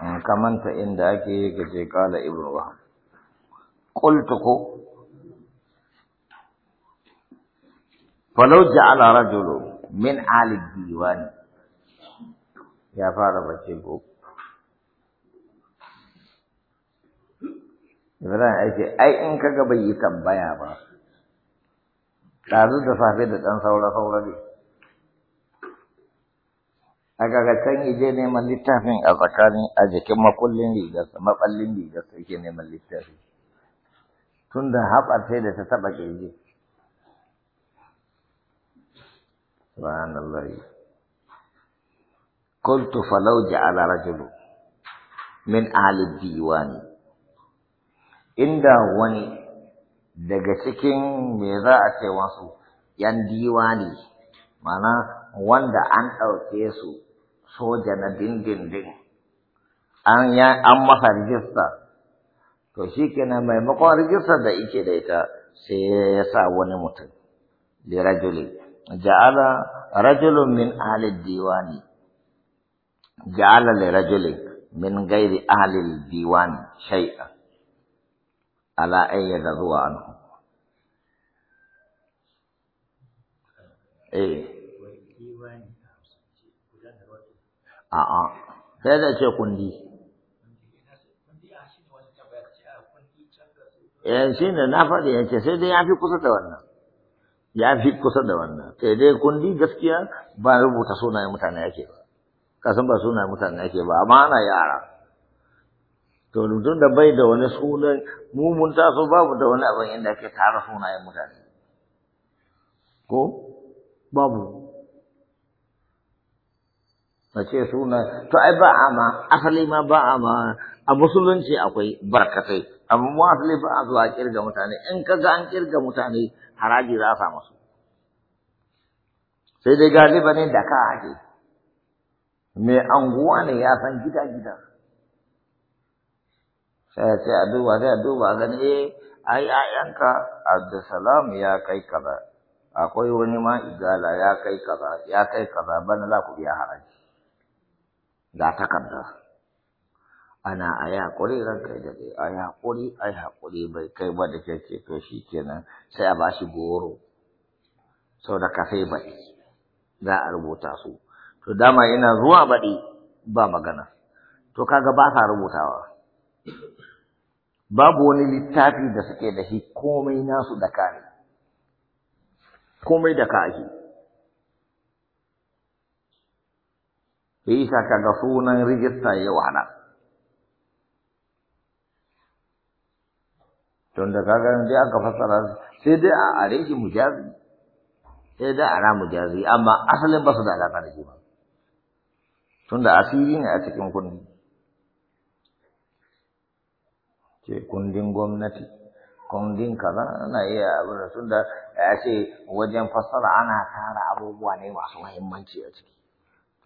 Ah, kamanta inda ake gaje kala ibn qultu ko falau ja'ala rajulu min ali diwan ya fara bace ko Ibrahim ake ai in kaga bai yi tambaya ba ɗazu da safe da ɗan saura saura ne a kaga can ije neman littafin a tsakanin a jikin makullin rigarsa maɓallin rigarsa yake neman littafi tun da haɓar sai da ta taɓa ƙirji subhanallah قلت فلو جعل رجل min ahli diwani inda wani daga cikin me za a ce wasu yan diwani mana wanda an ɗauke su soja na dindindin an ya an masa rijista to shi mai maimakon rijista da yake da ita sai ya sa wani mutum li rajuli ja'ala rajulun min ahli diwani ja'ala li rajulin min gairi ahli diwani shay'a ala ayyada zuwa anhu eh a'a sai da ce kundi eh shi ne na faɗi ya ce sai dai ya fi kusa da wannan ya fi kusa da wannan sai dai kundi gaskiya ba rubuta sunayen mutane yake ba kasan ba sunayen mutane yake ba amma ana yara to mutum da bai da wani sunan mu mun taso babu da wani abin inda ake tara sunayen mutane ko babu na ce suna to ai ba a ma asali ma ba a ma a musulunci akwai barkatai amma mu asali ba a zuwa kirga mutane in ka ga an kirga mutane haraji za a sa musu sai dai galiba ne da ka ake mai anguwa ne ya san gida gida sai ya ce a duba sai a duba gani eh ai ayanka Abdulsalam ya kai kaza akwai wani ma igala ya kai kaza ya kai kaza bana za ku biya haraji da takarda ana a yaƙuri ranka ya daɗe a yaƙuri a bai kai ba da ce to shi kenan sai a bashi goro sau da kafe baɗi za a rubuta su to dama ina zuwa baɗi ba magana to kaga ba sa rubutawa babu wani littafi da suke da shi komai nasu da kare komai da ka ake Isa sa kaga sunan rijista ya wahala tun da kaga dai aka fassara sai dai a mujazi sai dai ana mujazi amma asalin ba su da alaƙa da shi ba tun da asiri ne a cikin kundi ce kundin gwamnati kundin kaza iya abin da tun da ya ce wajen fassara ana tara abubuwa ne masu muhimmanci a ciki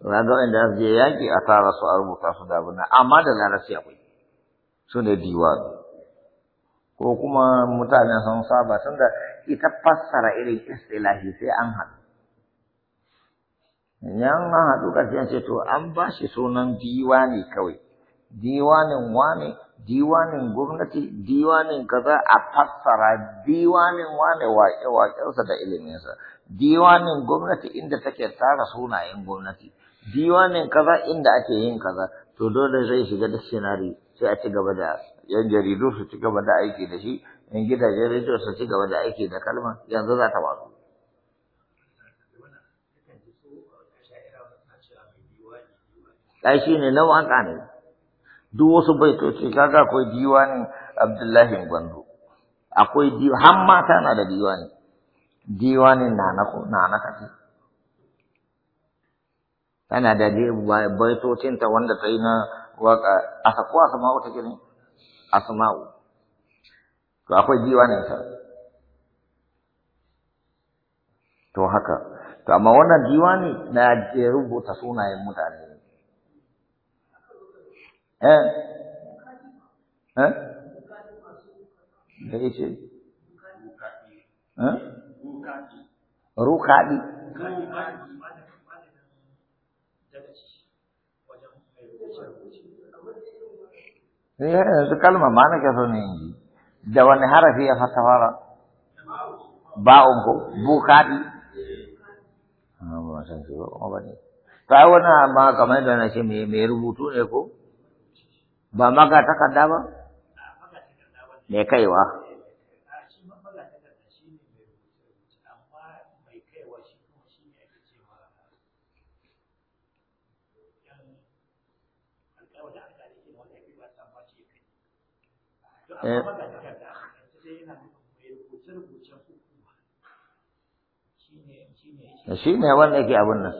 Raga wanda za je yaƙi a tara su a rubuta su da abin amma da larabci akwai su ne diwa. Ko kuma mutane sun saba tun da ita fassara irin istilahi sai an haɗu. Yan an haɗu ƙarshen ce to an ba shi sunan diwani kawai. Diwanin wane, diwanin gwamnati, diwanin kaza a fassara diwanin wane waƙe-waƙensa da iliminsa. Diwanin gwamnati inda take tara sunayen gwamnati. diwanin kaza inda ake yin kaza to dole zai shiga da sinari sai a ci gaba da yan jaridu su ci gaba da aiki da shi yan gidajen rediyo su ci gaba da aiki da kalma yanzu za ta wato. ai shi ne nau'aka ne duk wasu baitoci kaga akwai diwanin abdullahi Gwando. akwai diwa har mata na da diwani diwanin na na kafi yana da baitocinta wanda ta yi na waka a sako ta gini? A sama'u. to akwai ta to haka to amma wannan diwani na rubuta sunayen mutane ne eh eh da yake eh rukaɗi rukaɗi yanzu kalma ma na kaso ne yanzu da wani harafi ya fata fara ba'un ko bukati ba san wani amma kamar da na ce mai rubutu ne ko ba maga takarda ba mai kaiwa Eh. shi ne eh, wanda yake abin nan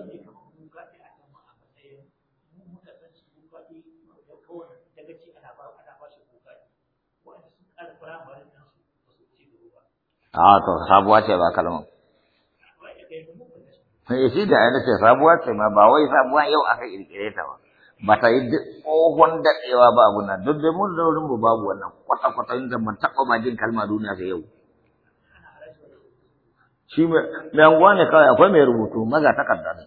a to sabuwa ce ba kalmar eh, shi da ainihin ce sabuwa ce ma ba wai sabuwa yau aka kirkire ta ba ba ta yi tsohon daɗewa ba abu na, duk da mun zaurin mu babu wannan kwata-kwata yin zama taɓa ma jin kalma duniya sai yau shi mai anguwa ne kawai akwai mai rubutu maza takarda ne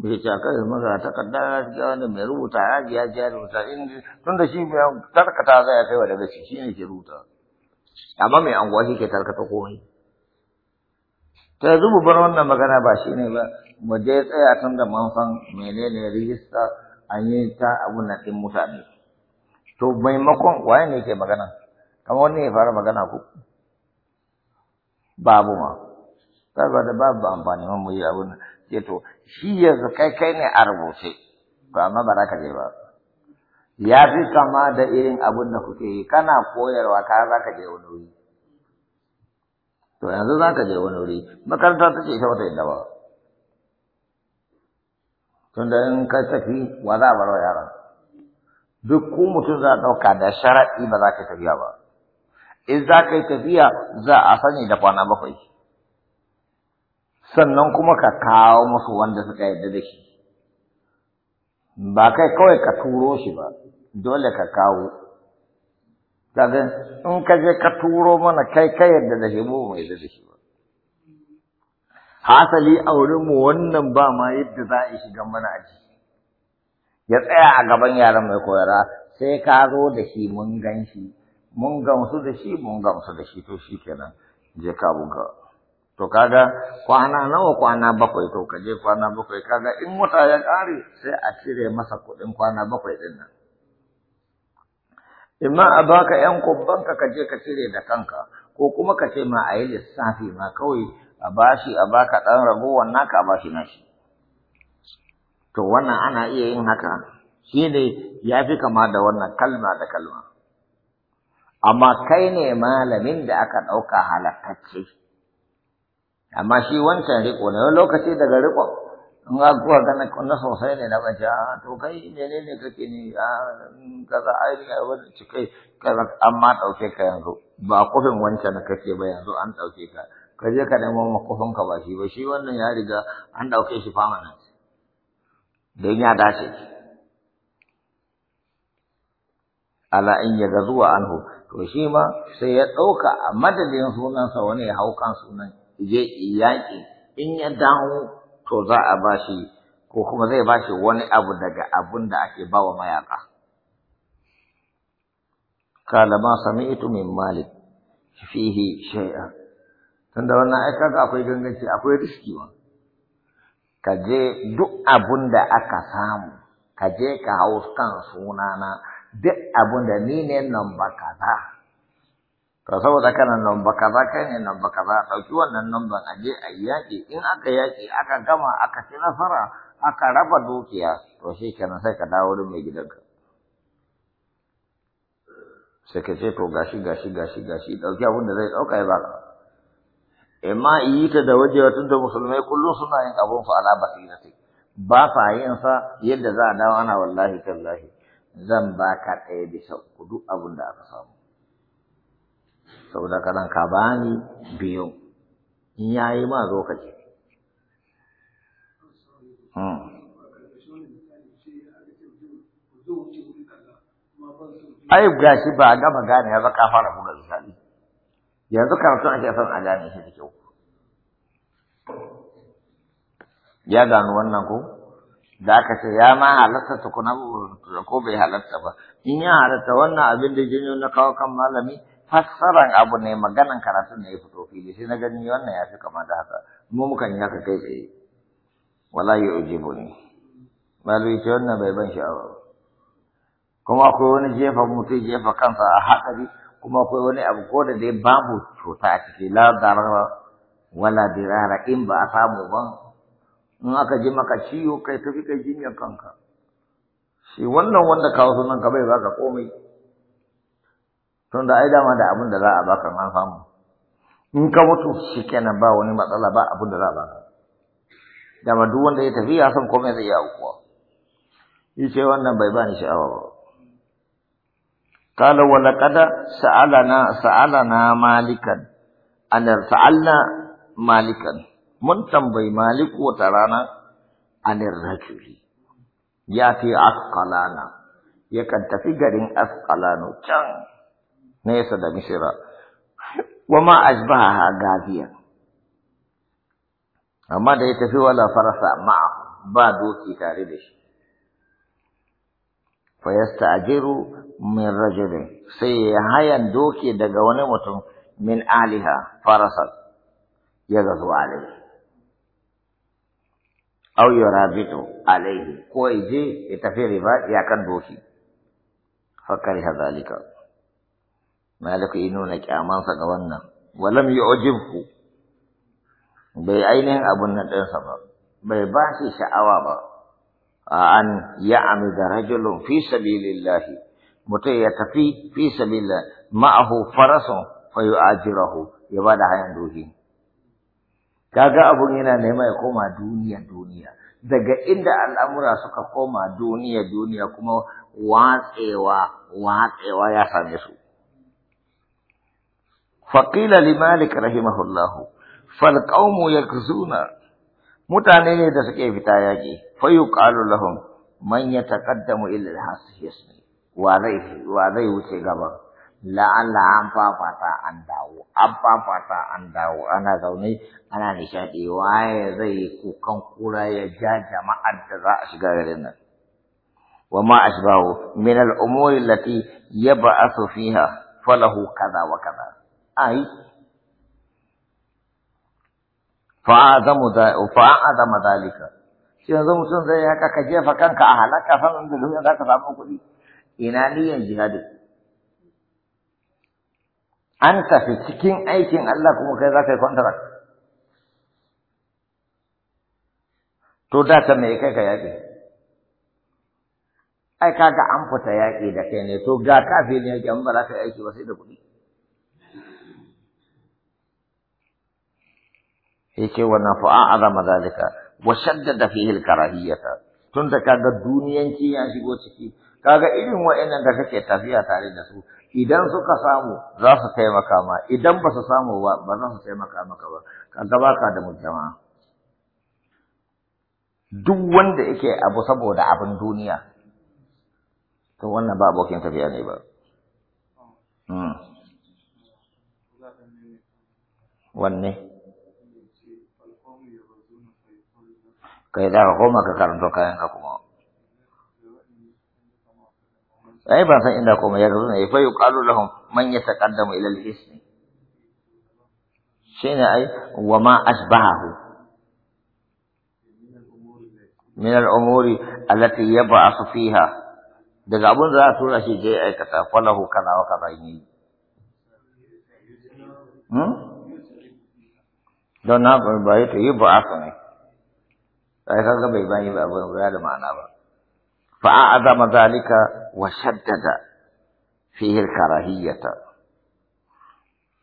bai ce akai maza takarda ya shiga wani mai rubuta ya ji ya ji ya rubuta in tun da shi mai tarkata za ya kai wa daga shi ne ke rubuta amma mai anguwa shi ke tarkata komai ta yanzu mu bar wannan magana ba shi ne ba mu je tsaya tun da man san menene rijista an yi ta abun nan ɗin mutane to maimakon waye ne ke magana kamar wani ya fara magana ku babu ma ba da babu amfani mun mu yi abun nan ce to shi ya kai kai ne a rubuce ba amma ba za ka je ba ya fi kama da irin abun da kuke yi kana koyarwa ka za ka je wani wuri to yanzu za ka je wani wuri makaranta ta ce ita wata yadda ba tunda in ka tafi wa za a bar wa yaran duk ku mutum za a ɗauka da sharaɗi ba za ka tafiya ba in za ka tafiya za a sani da kwana bakwai sannan kuma ka kawo musu wanda suka yarda da shi ba kai kawai ka turo shi ba dole ka kawo kaga in ka je ka turo mana kai ka yarda da shi mu mai yarda da shi ba hasali a wurinmu wannan ba ma yadda za a shiga mana aji ya tsaya a gaban yaran mai koyara sai ka zo da shi mun gan shi mun gamsu da shi mun gamsu da shi to shi kenan je ka buga to kaga kwana nawa kwana bakwai to ka je kwana bakwai kaga in wata ya ƙare sai a cire masa kuɗin kwana bakwai ɗinnan. nan imma a baka yan kubbanka ka je ka cire da kanka ko kuma ka ce ma a yi lissafi ma kawai a bashi a baka ɗan ragowar naka a bashi nashi to wannan ana iya yin haka shi ne ya fi kama da wannan kalma da kalma amma kai ne malamin da aka ɗauka halattacce amma shi wancan riko ne wani lokaci daga riko in ga kuwa gana kunna sosai ne na bace a ah, to kai ne ne kake ne a ah, kaza ai ne wani cikai kaza amma ɗauke ka yanzu ba kofin wancan kake ba yanzu an ɗauke ka ka je ka nemo makofin ka ba shi ba shi wannan ya riga an ɗauke shi permanent don ya dace ala in ya zuwa anhu to shi ma sai ya ɗauka a madadin sunansa wani ya hau kan sunan je yaƙi in ya dawo to za a ba shi ko kuma zai ba shi wani abu daga abun da ake ba wa mayaƙa. Kala ma sami'tu min Malik fihi shay'an tunda wannan ai kaga akwai ganganci akwai riski ma ka je duk abun da aka samu ka je ka hau kan sunana duk abun da ni ne nan ba kaza to saboda kana nan ba kaza kai ne nan ba kaza dauki wannan nan ban a je a yaƙi in aka yaƙi aka gama aka ci nasara aka raba dukiya to shi kenan sai ka dawo da mai gidanka sai ka ce to gashi gashi gashi gashi dauki abun da zai dauka ya baka amma yi ta da wajewa tunda musulmai kullum suna yin abun fa ala basirati ba fa yin sa yadda za a dawo ana wallahi tallahi zan ka ɗaya bisa uku duk abin da aka samu saboda kaɗan ka bani biyu in yayi ma zo ka je hmm. ai gashi ba gama gane ya ba ka fara buga yanzu karatun ake san a gane shi da kyau ya gano wannan ko da aka ce ya ma halatta tukuna ko bai halatta ba in ya halatta wannan abin da jinyo na kawo kan malami fassaran abu ne maganan karatun ne ya fito fili sai na gani wannan ya fi kama da haka mu muka yi haka kai tsaye wala ya ne malami ce wannan bai ban sha'awa ba kuma akwai wani jefa mutum jefa kansa a haɗari kuma akwai wani abu ko da dai babu cuta a ciki la darara wala dirara in ba a samu ba in aka ji maka ciwo kai tafi kai jinyar kanka shi wannan wanda kawo sunan ka bai baka komai Tunda ai dama da abin da za a baka na samu in ka mutu shi kenan ba wani matsala ba abin da za a baka dama duk wanda ya tafi ya san komai zai yi Yi ce wannan bai bani sha'awa ba قال ولقد سألنا سألنا مالكا أن سألنا مالكا من تنبي مالك وترانا عن الرجل يأتي أثقلانا يكن تفي تفجر أثقلان كان نيسا دا مصر وما أشبهها غازيا أما دا يتفي ولا فرسا معه بعد وكي fa yastajiru min rajulin sai ya hayan doki daga wani mutum min aliha farasat ya gazo alaihi au yurabitu alaihi ko je ya tafi riba ya kan doki fakari zalika. malaka yi nuna kyamansa ga wannan walam ojibku bai ainihin abun na ɗansa ba bai ba shi sha'awa ba an da rajulun fi sabilillahi mutum ya tafi fi sabilillah ma'ahu farasun fa yu'ajirahu ya bada hayan dohi kaga abun yana nema ya koma duniya duniya daga inda al'amura suka koma duniya duniya kuma watsewa watsewa ya same su faqila li malik rahimahullahu fal qaumu yakzuna mutane ne da suke fita yaƙi fayuqalu lahum man yataqaddamu ila al-hasbi wa zai wa zai wuce gaba la la'alla an fafata an dawo an fafata an dawo ana zaune ana nishadi waye zai yi kukan kura ya ja jama'ar da za a shiga garin nan wa ma ashbahu min al-umuri allati yab'athu fiha falahu kaza wa kaza ai fa'azama zalika shi yanzu mutum zai haka ka jefa kanka a halaka san da duniya za ka samu kuɗi ina niyyar jihadi an tafi cikin aikin Allah kuma kai za ka yi contract to da ta mai kai ka yaƙi ai kaga an fita yaƙi da kai ne to ga kafin yaƙi an ba za ka yi aiki ba sai da kuɗi yake wa nafa'a azama zalika wa shaddada fihi al-karahiyata tun da kaga duniyanci ya shigo ciki kaga irin wa'annan da kake tafiya tare da su idan suka samu za su taimaka ma idan ba su samu ba ba za su taimaka maka ba kaga baka da mujama duk wanda yake abu saboda abin duniya to wannan ba abokin tafiya ne ba wanne kaya za ka koma ka karanto kayan ka kuma ai ba san inda kuma ya gazo ne fa yuqalu lahum man yataqaddamu ila al-ismi shine ai wa ma asbahu. min al-umuri allati yab'athu fiha daga abun da za a tura shi je aikata falahu kana wa kaza yi don na ba ya ta yi ba'asu ne فهذا بيبان يبقى ابو هريره معناه بقى فاعظم ذلك وشدد فيه الكراهيه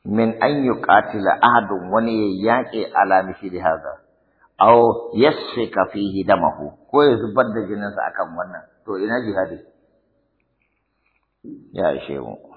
من ان يقاتل احد وني يعني على مثل هذا او يسفك فيه دمه كويس بدل جنس اكم ونا تو انا جهادي يا شيخ